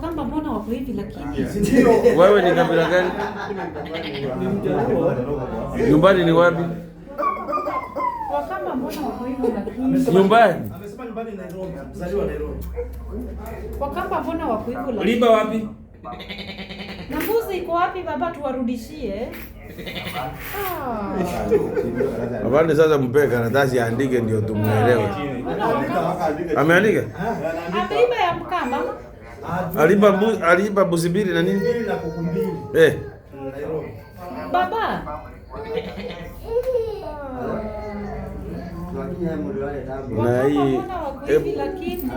Wakamba mbona wako hivi lakini? Ah, Wewe ni kabila gani? Nyumbani ni wapi? Wakamba mbona wako hivi lakini? Nyumbani. Amesema nyumbani Nairobi, mzaliwa Nairobi. Wakamba mbona wako hivi lakini? Liba wapi? Na mbuzi iko wapi baba tuwarudishie? Ah. sasa mpe karatasi aandike ndio tumuelewe. Ameandika? Ameiba ya mkamba aliba bu, aliba buzi mbili na nini eh, baba na hii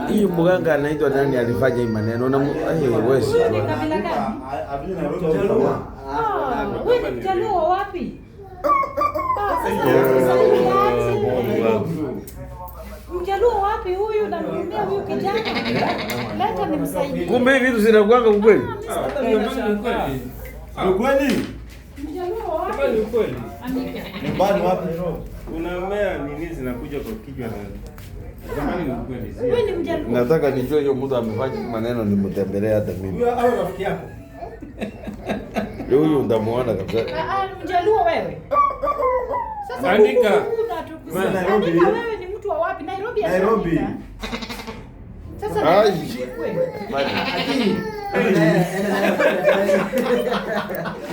hii mganga anaitwa nani? Alifanya hii maneno na eh, wewe si Mjaluo ah, wapi? Mjaluo eh. eh. wapi huyu? Namtumia huyu kijana nimsaidie. Kumbe hivi vitu zinakuanga ukweli? Ah, ukweli? Ukweli. Nataka nijue hiyo mtu amefanya maneno nimtembelea hata mimi. Au rafiki yako? Huyu ndamuona kabisa. Ah, ah mjaluo wewe. Sasa andika. Wewe ni mtu wa wapi? Nairobi. Nairobi. Você sabe? Ai, gente. Tipo Aqui. Ela é. Ela é. é.